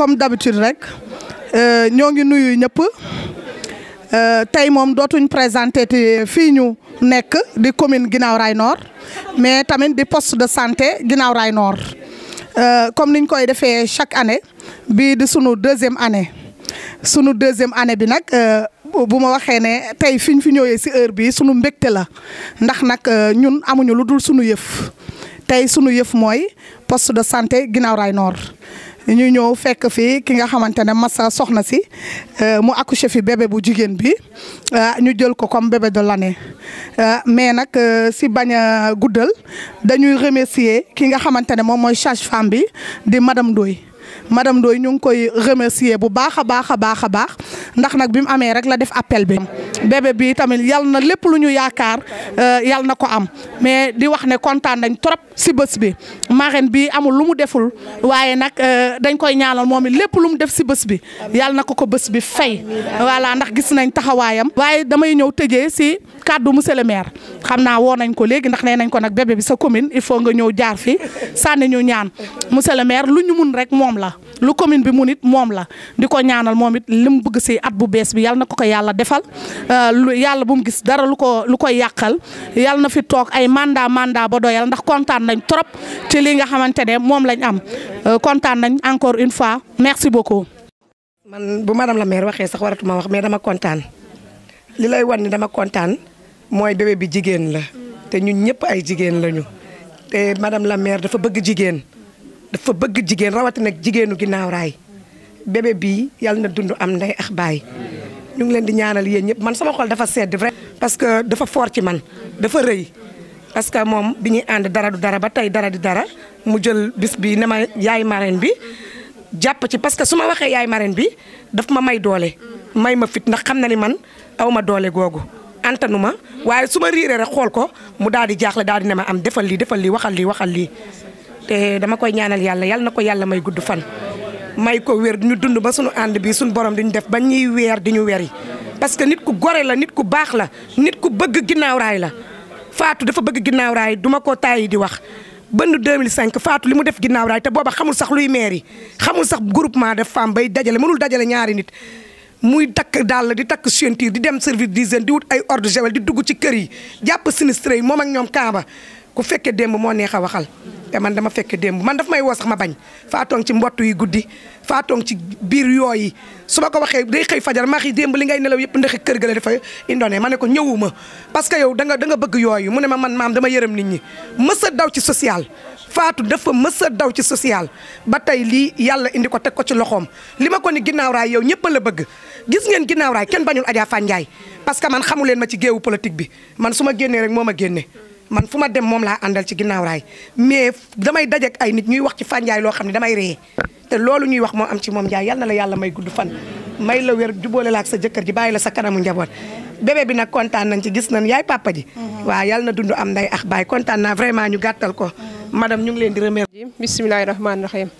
comme d'habitude rek euh, ñoo ngi nuyu ñëpp euh, tey moom dootuñ présenté te fii ñu nekk di commune Guinaw Rail noor mais tamit di poste de santé Guinaw Rail Nord euh, comme niñ koy defee chaque année bii di sunu deuxième année sunu deuxième année bi nag bu ma waxee ne tey fi ñu fi ñëwee si heure bii sunu mbégte la ndax nag ñun amuñu lu dul sunu yëf tey sunu yëf mooy poste de santé Guinaw Rail Nord ñu ñëw fekk fi ki nga xamante ne Massa soxna si euh, mu accouché fi bebe bu jigéen bi euh, ñu jël ko comme bébé de l'année euh, mais nag si bañ a guddal dañuy remercier ki nga xamante ne moom mooy sage-femme bi di madame Ndoye madame Ndoye ñu ngi koy remercier bu baax a baax a baax a baax ndax nag bi mu amee rek la def appel bi bébé bi tamit yal na lépp lu ñu yaakaar euh, yal na ko am mais di wax ne kontaan nañ trop si bés bi marraine bi amul lu mu deful waaye nag euh, dañ koy ñaanal moom it lépp lu def si bés bi yal na ko ko bés bi fay voilà ndax gis nañ taxawaayam waaye damay ñëw tëjee si kaddu monsieur le maire xamna wo nañ ko legui ndax nenañ ko nak bébé bi sa commune il faut nga ñëw jaar fi ñu ñaan monsieur le maire lu ñu mun rek mom la lu commune bi munit mom la di ñaanal momit lim bëgg ci at bu bees bi yalla nako ko ko defal euh, lu bu mu gis dara lu ko lu ko yakal yalla na fi tok ay mandat mandat ba doyal ndax contane nañ trop ci li nga xamantene mom lañ am contane euh, nañ encore une fois merci beaucoup. man bu madame la maire wa sax waratuma wax mais dama contane li lay dama contane mooy bébé bi jigéen la te ñun ñëpp ay jigéen lañu te madame la maire dafa bëgg jigéen dafa bëgg jigéen rawatina jigéenu ginnaaw raay bébé bii yàlla na dund am ndey ak baay ñu ngi leen di ñaanal yéen ñëpp man sama xol dafa sedd vrai. parce que dafa foor ci man dafa rëy parce que moom bi ñuy ànd dara du dara ba tey dara di dara mu jël bis bi ne ma yaay marraine bi jàpp ci parce que su ma waxee yaay marraine bi daf ma may doole may ma fit ndax xam na ni man aw ma doole googu. antanu ma waaye su ma riiree rek xool ko mu daal di jaaxle daal di ne ma am defal lii defal lii waxal lii waxal lii te dama koy ñaanal yàlla yàlla na ko yàlla may gudd fan. may ko weer di ñu dund ba suñu ànd bi suñu borom di ñu def ba ñuy weer di ñu yi parce que nit ku gore la nit ku baax la nit ku bëgg ginnaawraay la Fatou dafa bëgg ginnaaw raay duma ko tàyyi di wax. bënn 2005 faatu li mu def ginnaaw raay te booba xamul sax luy maire yi xamul sax groupement de femmes dajale mënul dajale ñaari nit. muy takk dàll di takk ceinture di dem service d'hygiène di wut ay ordre javel di dugg ci kër yi jàpp sinistre yi moom ak ñoom Kaaba ku fekke démb mo neex a waxal te man dama fekke démb man daf may wo sax ma bañ tong ci mbott yu fa tong ci bir yoy su ko day xey fajar ma xëy démb li ngay nelaw yep ndax keur ga la indone mané ko ñewuma parce que yow da nga da nga bëgg yoy mu ne ma man maam dama yërëm nit ñi mësa a daw ci social faatu dafa mës daw ci social ba tay li yalla indi ko tek ko ci loxom lima ko ni ginnaaw raay yow ñepp la bëgg gis ngeen ginnaaw raay kenn bañul Adja ndjay parce que man xamulen ma ci geewu politique bi man suma ma rek moma ma man fu ma dem moom laa àndal ci ginnaaw raay mais damay dajek ay nit ñuy wax ci fànjaay loo xam ne damay ree te loolu ñuy wax moo am ci moom Ndiaye yal na la yàlla may gudd fan may la wér jubóole la ak sa jëkkër ji bàyyi la sa kanamu njaboot bébé bi nag kontaan nañ ci gis nañ yaay papa ji mm-hmm. waaw yal na dund am nday ax baay kontaan naa vraiment ñu gàttal ko mm-hmm. madame ñu ngi leen di remercier bisimilahi rahmaani rahim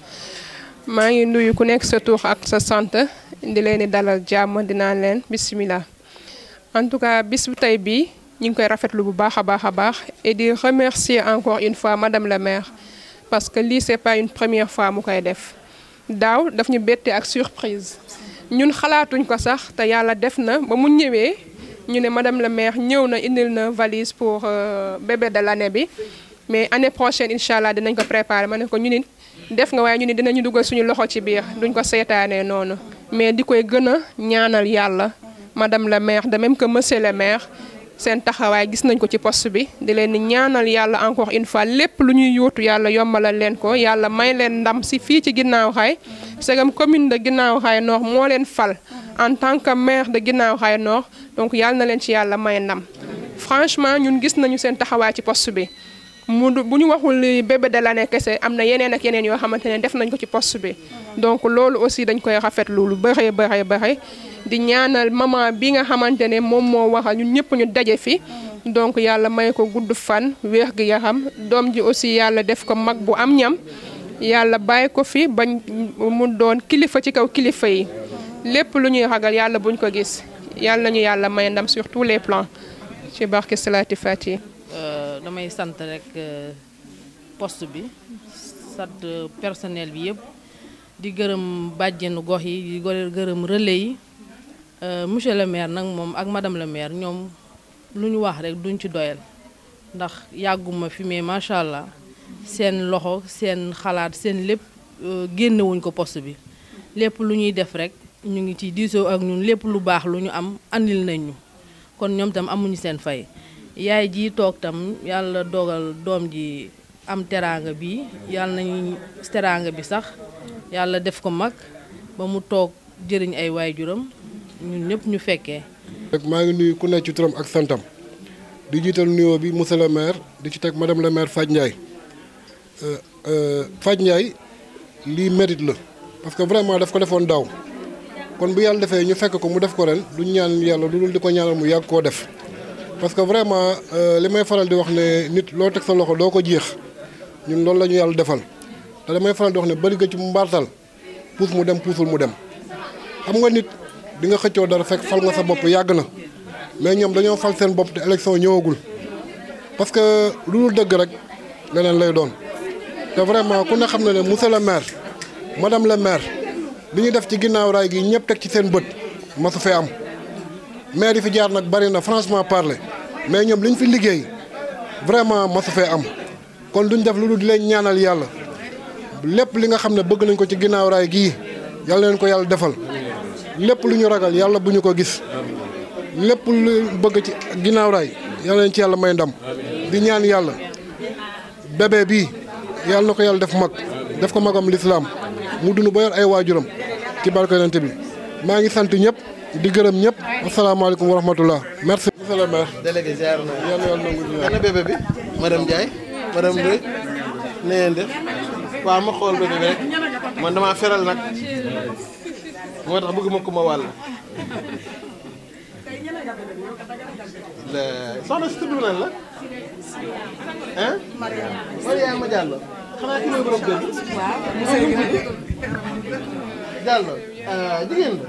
maa ngi nuyu ku nekk sa tuux ak sa sant di leen di dalal jàmm dinaa leen bisimilah Nous avons koy le bu baax a baax et de remercier encore une fois madame la maire parce que ce c'est pas une première fois que koy def fait. daf ñu bette ak surprise ñun xalaatuñ ko sax te yàlla def na ba mu ñëwee madame la maire ñëw na indil na valise pour euh, bébé de l'année bi mais l'année prochaine Inch'Allah, nous dinañ ko préparer ma ne ko ñu nous def nga waaye nous ni dinañu dugal suñu loxo ci biir duñ ko seetaanee noonu mais nous koy gën a ñaanal madame la maire de même que monsieur le maire sen taxaway gis nañ ko ci poste bi di leen ñaanal yàlla encore une fois lépp lu ñuy yóotu yàlla yombalal leen ko yàlla may leen ndam si fii ci ginnaaw xay segam commune de ginnaaw xay Nord moo leen fal en tant que maire de ginnaaw xay Nord donc yàlla na leen ci yàlla may ndam franchement ñun gis nañu seen taxawaay ci poste bi mu bu ñu waxul bébé de l'année kese am na yeneen ak yeneen yoo xamante ne def nañ ko ci poste bi donc loolu aussi dañ koy rafetlu lu bëree bëree bëri di ñaanal maman bi nga xamante ne moom moo waxal ñun ñëpp ñu daje fi donc yàlla may ko gudd fan weex gi yaram doom ji aussi yàlla def ko mag bu am ñam yàlla bàyyi ko fi bañ mu doon kilifa ci kaw kilifa yi lépp lu ñuy ragal yàlla buñ ko gis yàlla ñu yàlla may ndam sur tous les plans ci barke Salati Fati damay sant rek euh, poste bi sant personnel bi yeb di gërëm badjenu gox yi di gërëm relais yi euh, monsieur le maire nak mom ak madame le maire ñom luñu wax rek duñ ci doyal ndax yaguma fi mais machallah sen loxo sen xalaat lepp euh, génné wuñ ko poste bi lepp luñuy def rek ñu ngi ci diso ak ñun lepp lu bax luñu am andil nañu kon ñom tam amuñu sen fay yaay ji toog tam yàlla dogal doom ji am teraanga bi yàlla na teraanga bi sax yàlla def ko mag ba mu toog jëriñ ay waajuram ñun ñëpp ñu fekkee. rek maa ngi nuyu ku nekk ci turam ak santam di jiital nuyoo bi monsieur le di ci teg madame le maire Fadj Ndiaye euh, euh, Fadj Ndiaye lii mérite la parce que vraiment daf ko defoon daaw kon bu yàlla defee ñu fekk ko mu def ko ren du ñaan yàlla lu dul di ko ñaanal mu yàgg koo def. parce que vraiment euh, li may faral di wax ne nit loo teg sa loxo doo ko jeex ñun loolu la ñu yàlla defal te damay faral di wax ne bëri nga ci mbartal puus mu dem puusul mu dem xam nga nit di nga xëccoo dara fekk fal nga sa bopp yàgg na mais ñoom dañoo fal seen bopp te élection ñëwagul parce que lu dul dëgg rek leneen lay doon te vraiment ku ne xam na ne monsieur le maire madame le maire li ñu def ci ginnaaw raay gi ñëpp teg ci seen bët masu fee am maire yi fi jaar nag bari na franchement parler mais ñom liñ fi liggéey vraiment fay am kon duñ def lu di leen ñaanal yalla lepp li nga xamne bëgg nañ ko ci ginaaw raay gi yalla leen ko yalla defal lepp luñu ragal yalla buñu ko gis lepp lu bëgg ci ginaaw raay yalla leen ci yalla may ndam di ñaan yalla bébé bi yalla na ko yàlla def mag def ko magam l'islam mu dund ba yor ay wajuram ci barke yonent bi ma ngi sant ñep di ñep assalamu alaykum wa rahmatullah merci monsieur le maire. délégué ziar na yàlla yàlla nangu ñu bébé bi madame Ndiaye madame Ndoye na ngeen def waaw ma xool bébé bi damaa feral nag moo tax bëgguma ko ma wàll. soxna si tudd nan la. ah. Mariama Diallo xanaa ki mooy borom kër gi. Euh, jigéen la.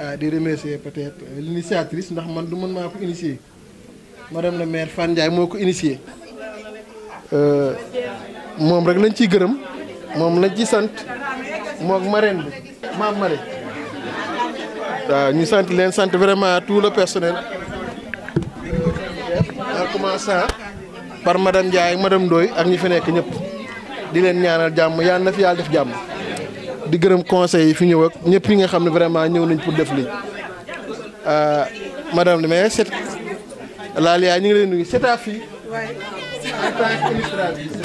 Ah, di remercier peut-être l'initiatrice ndax man du man mako initier madame le maire fan Ndiaye moko initier euh mom rek lañ ci gëreum mom lañ ci sante mok marraine bi maam mari da ñu sante len sante vraiment tout le personnel en commençant par madame Ndiaye madame doy ak ñi fi nek ñep di len ñaanal jamm yalla na fi yalla def jamm di gërëm conseil yi fi ñëw ak ñëpp yi nga xam ne vraiment ñëw nañ pour def euh madame le maire c'est laal yaa ñu ngi leen nuyu c'est ta fille en tant qu'illustratrice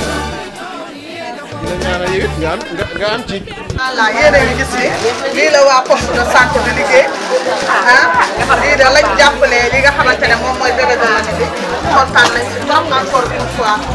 ñaanal yow it nga am nga am ci voilà yéen a ngi gis ni lii la waa poste de santé di liggéey ah lii da lañ jàppalee li nga xamante ne moom mooy bébé de la bi kontaan nañ ci trop encore une fois